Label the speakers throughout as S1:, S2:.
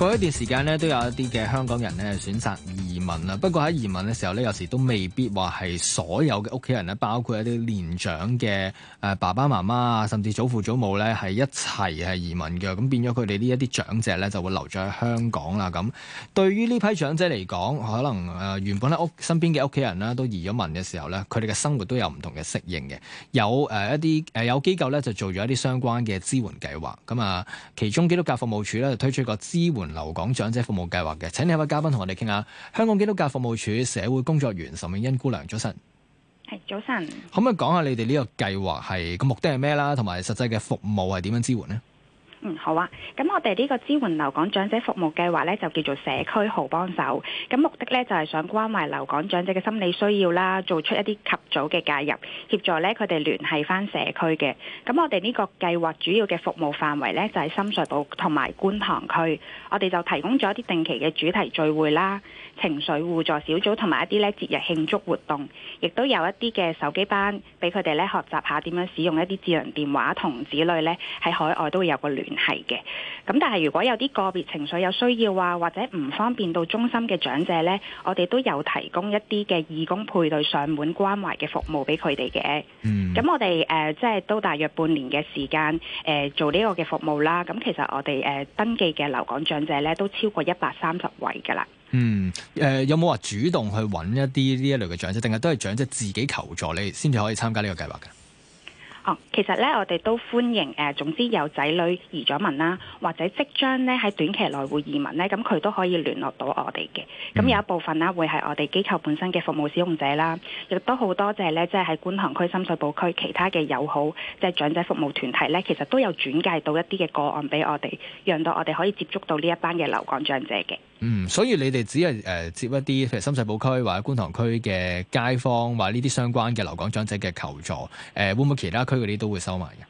S1: 過一段時間咧，都有一啲嘅香港人咧選擇民啦，不過喺移民嘅時候咧，有時都未必話係所有嘅屋企人咧，包括一啲年長嘅誒爸爸媽媽啊，甚至祖父祖母咧係一齊係移民嘅，咁變咗佢哋呢一啲長者咧就會留咗喺香港啦。咁對於呢批長者嚟講，可能誒原本咧屋身邊嘅屋企人啦都移咗民嘅時候咧，佢哋嘅生活都有唔同嘅適應嘅。有誒一啲誒有機構咧就做咗一啲相關嘅支援計劃。咁啊，其中基督教服務處咧就推出個支援留港長者服務計劃嘅。請你有位嘉賓同我哋傾下香港基督教服務處社會工作員岑詠恩姑娘，早晨，
S2: 係早晨，
S1: 可唔可以講下你哋呢個計劃係個目的係咩啦，同埋實際嘅服務係點樣支援咧？
S2: 嗯，好啊。咁我哋呢個支援留港長者服務計劃呢，就叫做社區好幫手。咁目的呢，就係想關懷留港長者嘅心理需要啦，做出一啲及早嘅介入，協助呢佢哋聯繫返社區嘅。咁我哋呢個計劃主要嘅服務範圍呢，就係深水埗同埋觀塘區。我哋就提供咗一啲定期嘅主題聚會啦、情緒互助小組同埋一啲呢節日慶祝活動，亦都有一啲嘅手機班俾佢哋呢學習下點樣使用一啲智能電話同子女呢，喺海外都會有個聯。係嘅，咁但係如果有啲個別情緒有需要啊，或者唔方便到中心嘅長者呢，我哋都有提供一啲嘅義工配對上門關懷嘅服務俾佢哋嘅。嗯，咁我哋誒、呃，即係都大約半年嘅時間誒、呃，做呢個嘅服務啦。咁其實我哋誒、呃、登記嘅留港長者呢，都超過一百三十位噶啦。嗯，
S1: 誒、呃、有冇話主動去揾一啲呢一類嘅長者，定係都係長者自己求助你先至可以參加呢個計劃嘅？
S2: 哦、其實咧，我哋都歡迎誒、呃，總之有仔女移咗民啦，或者即將咧喺短期內會移民咧，咁佢都可以聯絡到我哋嘅。咁有一部分啦，會係我哋機構本身嘅服務使用者啦，亦都好多謝咧，即係喺觀塘區、深水埗區其他嘅友好，即、係、長者服務團體咧，其實都有轉介到一啲嘅個案俾我哋，讓到我哋可以接觸到呢一班嘅留港長者嘅。
S1: 嗯，所以你哋只係誒、呃、接一啲，譬如深水埗區或者觀塘區嘅街坊，或呢啲相關嘅留港長者嘅求助，誒、呃、會唔會其他區嗰啲都會收埋嘅？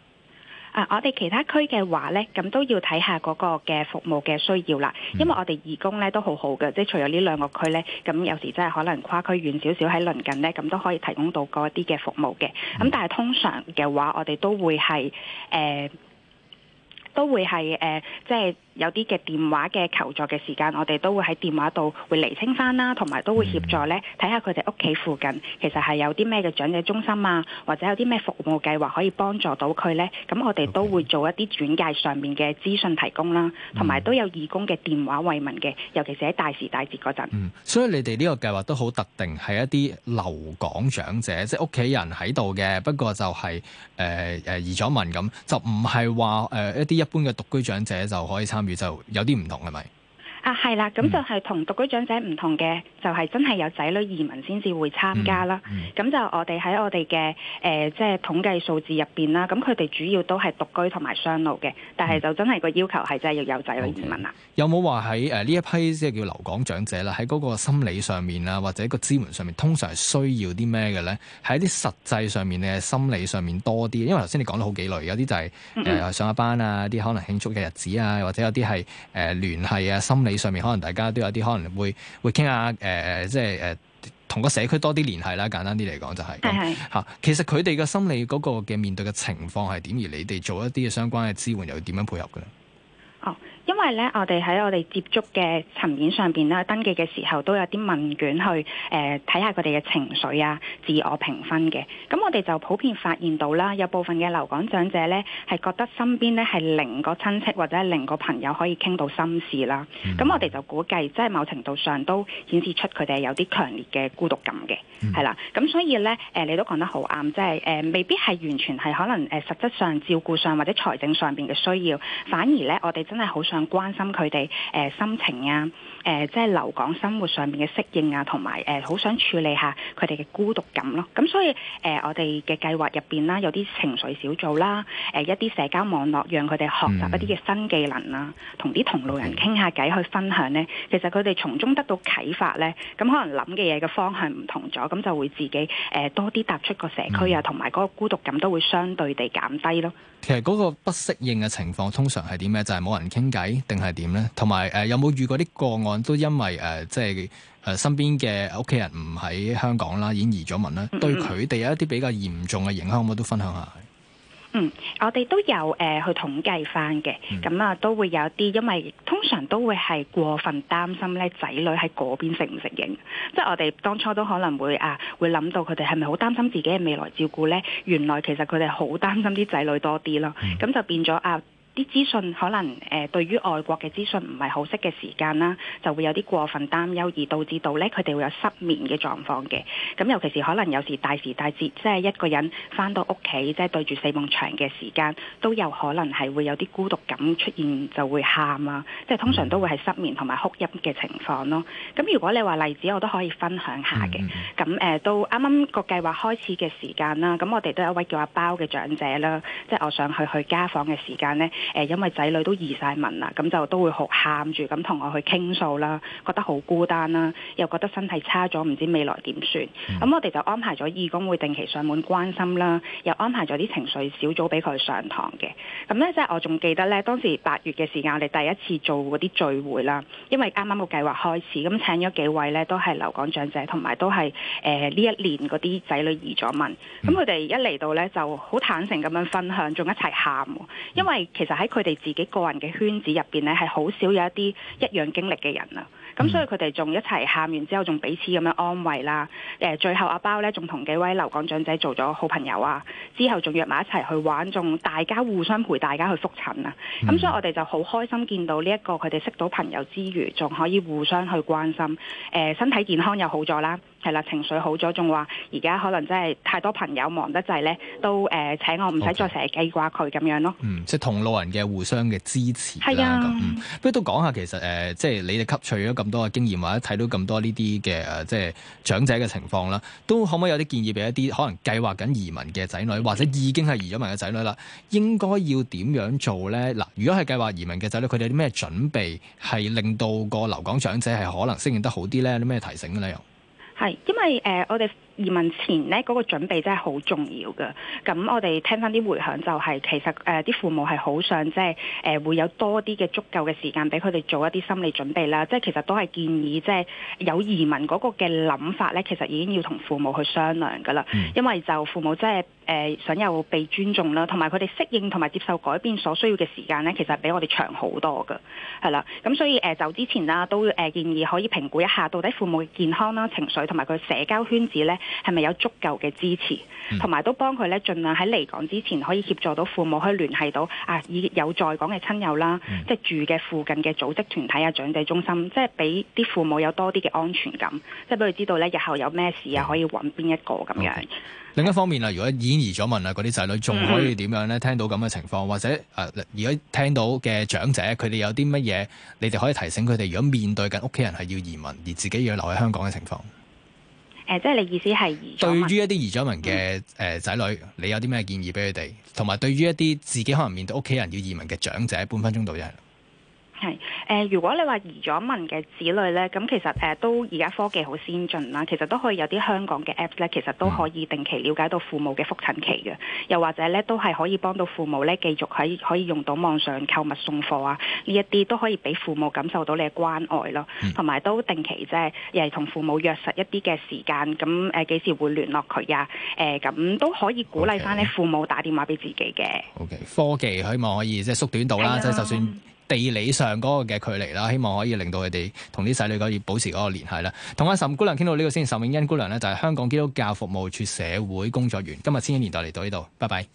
S2: 啊，我哋其他區嘅話咧，咁都要睇下嗰個嘅服務嘅需要啦。因為我哋義工咧都好好嘅，即係除咗呢兩個區咧，咁有時候真係可能跨區遠少少喺鄰近咧，咁都可以提供到嗰啲嘅服務嘅。咁、嗯、但係通常嘅話，我哋都會係誒、呃、都會係誒、呃、即係。有啲嘅電話嘅求助嘅時間，我哋都會喺電話度會厘清翻啦，同埋都會協助咧睇下佢哋屋企附近其實係有啲咩嘅長者中心啊，或者有啲咩服務計劃可以幫助到佢咧。咁我哋都會做一啲轉介上面嘅資訊提供啦，同埋都有義工嘅電話慰問嘅，尤其是喺大時大節嗰陣。
S1: 嗯，所以你哋呢個計劃都好特定，係一啲留港長者，即係屋企人喺度嘅，不過就係誒誒移咗民咁，就唔係話誒一啲一般嘅獨居長者就可以參。咁樣就有啲唔同係咪？是
S2: 係、啊、啦，咁就係同獨居長者唔同嘅、嗯，就係、是、真係有仔女移民先至會參加啦。咁、嗯嗯、就我哋喺我哋嘅誒，即、呃、係、就是、統計數字入邊啦。咁佢哋主要都係獨居同埋雙老嘅，但係就真係個要求係真係要有仔女移民啊。Okay.
S1: 有冇話喺誒呢一批即係叫留港長者啦？喺嗰個心理上面啊，或者個支援上面，通常係需要啲咩嘅咧？喺啲實際上面定係心理上面多啲？因為頭先你講咗好幾類，有啲就係、是、誒、呃、上下班啊，啲可能慶祝嘅日子啊，或者有啲係誒聯繫啊，心理。上面可能大家都有啲可能會會傾下誒、呃，即係誒同個社區多啲聯繫啦。簡單啲嚟講就係咁吓。其實佢哋嘅心理嗰、嗰個嘅面對嘅情況係點，而你哋做一啲嘅相關嘅支援又要點樣配合嘅咧？
S2: 因為咧，我哋喺我哋接觸嘅層面上面，咧，登記嘅時候都有啲問卷去誒睇下佢哋嘅情緒啊、自我評分嘅。咁我哋就普遍發現到啦，有部分嘅留港長者咧係覺得身邊咧係零個親戚或者零個朋友可以傾到心事啦。咁、mm-hmm. 我哋就估計，即係某程度上都顯示出佢哋有啲強烈嘅孤獨感嘅，係、mm-hmm. 啦。咁所以咧，誒你都講得好啱，即係誒未必係完全係可能誒實質上照顧上或者財政上面嘅需要，反而咧我哋真係好想，關心佢哋誒心情啊，誒、呃、即係留港生活上面嘅適應啊，同埋誒好想處理下佢哋嘅孤獨感咯。咁所以誒、呃、我哋嘅計劃入邊啦，有啲情緒小組啦，誒、呃、一啲社交網絡，讓佢哋學習一啲嘅新技能啊，同啲同路人傾下偈去分享咧。Okay. 其實佢哋從中得到啟發咧，咁可能諗嘅嘢嘅方向唔同咗，咁就會自己誒、呃、多啲踏出個社區啊，同埋嗰個孤獨感都會相對地
S1: 減低咯。其實嗰個不適應嘅情況通常係點咧？就係、是、冇人傾偈。定係點呢？同埋誒，有冇遇過啲個案都因為誒、呃，即係誒、呃，身邊嘅屋企人唔喺香港啦，已經移咗民啦、嗯嗯，對佢哋有一啲比較嚴重嘅影響，可唔可以我都分享下？嗯，
S2: 我哋都有誒、呃、去統計翻嘅，咁啊，都會有啲，因為通常都會係過分擔心咧，仔女喺嗰邊適唔適應，即係我哋當初都可能會啊，會諗到佢哋係咪好擔心自己嘅未來照顧呢？原來其實佢哋好擔心啲仔女多啲咯，咁、嗯、就變咗啊。啲資訊可能誒、呃、對於外國嘅資訊唔係好識嘅時間啦，就會有啲過分擔憂，而導致到咧佢哋會有失眠嘅狀況嘅。咁尤其是可能有時大時大節，即係一個人返到屋企，即係對住四面牆嘅時間，都有可能係會有啲孤獨感出現，就會喊啊，即係通常都會係失眠同埋哭泣嘅情況咯。咁如果你話例子，我都可以分享一下嘅。咁誒都啱啱個計劃開始嘅時間啦。咁我哋都有一位叫阿包嘅長者啦，即係我想去去家訪嘅時間咧。誒，因為仔女都移晒文移晒民啦，咁就都會好喊住，咁同我去傾訴啦，覺得好孤單啦，又覺得身體差咗，唔知未來點算。咁我哋就安排咗義工會定期上門關心啦，又安排咗啲情緒小組俾佢上堂嘅。咁咧，即係我仲記得咧，當時八月嘅時間，我哋第一次做嗰啲聚會啦，因為啱啱個計劃開始，咁請咗幾位咧，都係留港長者，同埋都係誒呢一年嗰啲仔女移咗民。咁佢哋一嚟到咧，就好坦誠咁樣分享，仲一齊喊，因為其實。就喺佢哋自己個人嘅圈子入邊咧，係好少有一啲一樣經歷嘅人啊！咁所以佢哋仲一齊喊完之後，仲彼此咁樣安慰啦。誒，最後阿包咧仲同幾位留港長者做咗好朋友啊！之後仲約埋一齊去玩，仲大家互相陪大家去覆診啊！咁所以我哋就好開心見到呢、這、一個佢哋識到朋友之餘，仲可以互相去關心，誒身體健康又好咗啦。係啦，情緒好咗，仲話而家可能真係太多朋友忙得滯咧，都誒、呃、請我唔使再成日記掛佢咁樣咯。Okay.
S1: 嗯，即係同路人嘅互相嘅支持啦。咁、啊嗯、不如都講下，其實誒、呃，即係你哋吸取咗咁多嘅經驗，或者睇到咁多呢啲嘅誒，即、呃、係長者嘅情況啦，都可唔可以有啲建議俾一啲可能計劃緊移民嘅仔女，或者已經係移咗民嘅仔女啦？應該要點樣做咧？嗱，如果係計劃移民嘅仔女，佢哋有啲咩準備係令到個留港長者係可能適應得好啲咧？有啲咩提醒咧？係，
S2: 因為誒，我哋。移民前咧嗰、那個準備真係好重要㗎。咁我哋聽翻啲回響就係、是、其實啲、呃、父母係好想即係、呃、會有多啲嘅足夠嘅時間俾佢哋做一啲心理準備啦，即係其實都係建議即係、呃、有移民嗰個嘅諗法咧，其實已經要同父母去商量噶啦、嗯，因為就父母真、就、係、是呃、想有被尊重啦，同埋佢哋適應同埋接受改變所需要嘅時間咧，其實比我哋長好多噶，係啦，咁所以、呃、走之前啦都建議可以評估一下到底父母嘅健康啦、情緒同埋佢社交圈子咧。係咪有足夠嘅支持，同埋都幫佢咧，儘量喺離港之前可以協助到父母，可以聯繫到啊，已有在港嘅親友啦，即、嗯、係、就是、住嘅附近嘅組織團體啊、長者中心，即係俾啲父母有多啲嘅安全感，即係俾佢知道咧，日後有咩事啊、嗯，可以揾邊一個咁
S1: 樣。另一方面啊，如果已經移民啊，嗰啲仔女仲可以點樣咧？聽到咁嘅情況，或者誒、呃，如果聽到嘅長者佢哋有啲乜嘢，你哋可以提醒佢哋，如果面對緊屋企人係要移民，而自己要留喺香港嘅情況。呃、即係你意思係移？對於一啲移咗民嘅呃仔女，你有啲咩建議俾佢哋？同埋對於一啲自己可能面對屋企人要移民嘅長者，半分鐘到嘅。
S2: 係誒、呃，如果你話移咗民嘅子女咧，咁其實誒、呃、都而家科技好先進啦，其實都可以有啲香港嘅 Apps 咧，其實都可以定期了解到父母嘅復診期嘅，又或者咧都係可以幫到父母咧繼續喺可，可以用到網上購物送貨啊，呢一啲都可以俾父母感受到你嘅關愛咯，同、嗯、埋都定期即係又係同父母約實一啲嘅時間，咁誒幾時會聯絡佢啊？誒、呃、咁都可以鼓勵翻咧父母打電話俾自己
S1: 嘅。O、okay. K，、okay. 科技希望可以即係縮短到啦，即、yeah. 係就，就算。地理上嗰個嘅距離啦，希望可以令到佢哋同啲仔女可以保持嗰個聯繫啦。同阿岑姑娘傾到呢個先，岑詠恩姑娘咧就係香港基督教服務處社會工作員。今日千禧年代嚟到呢度，拜拜。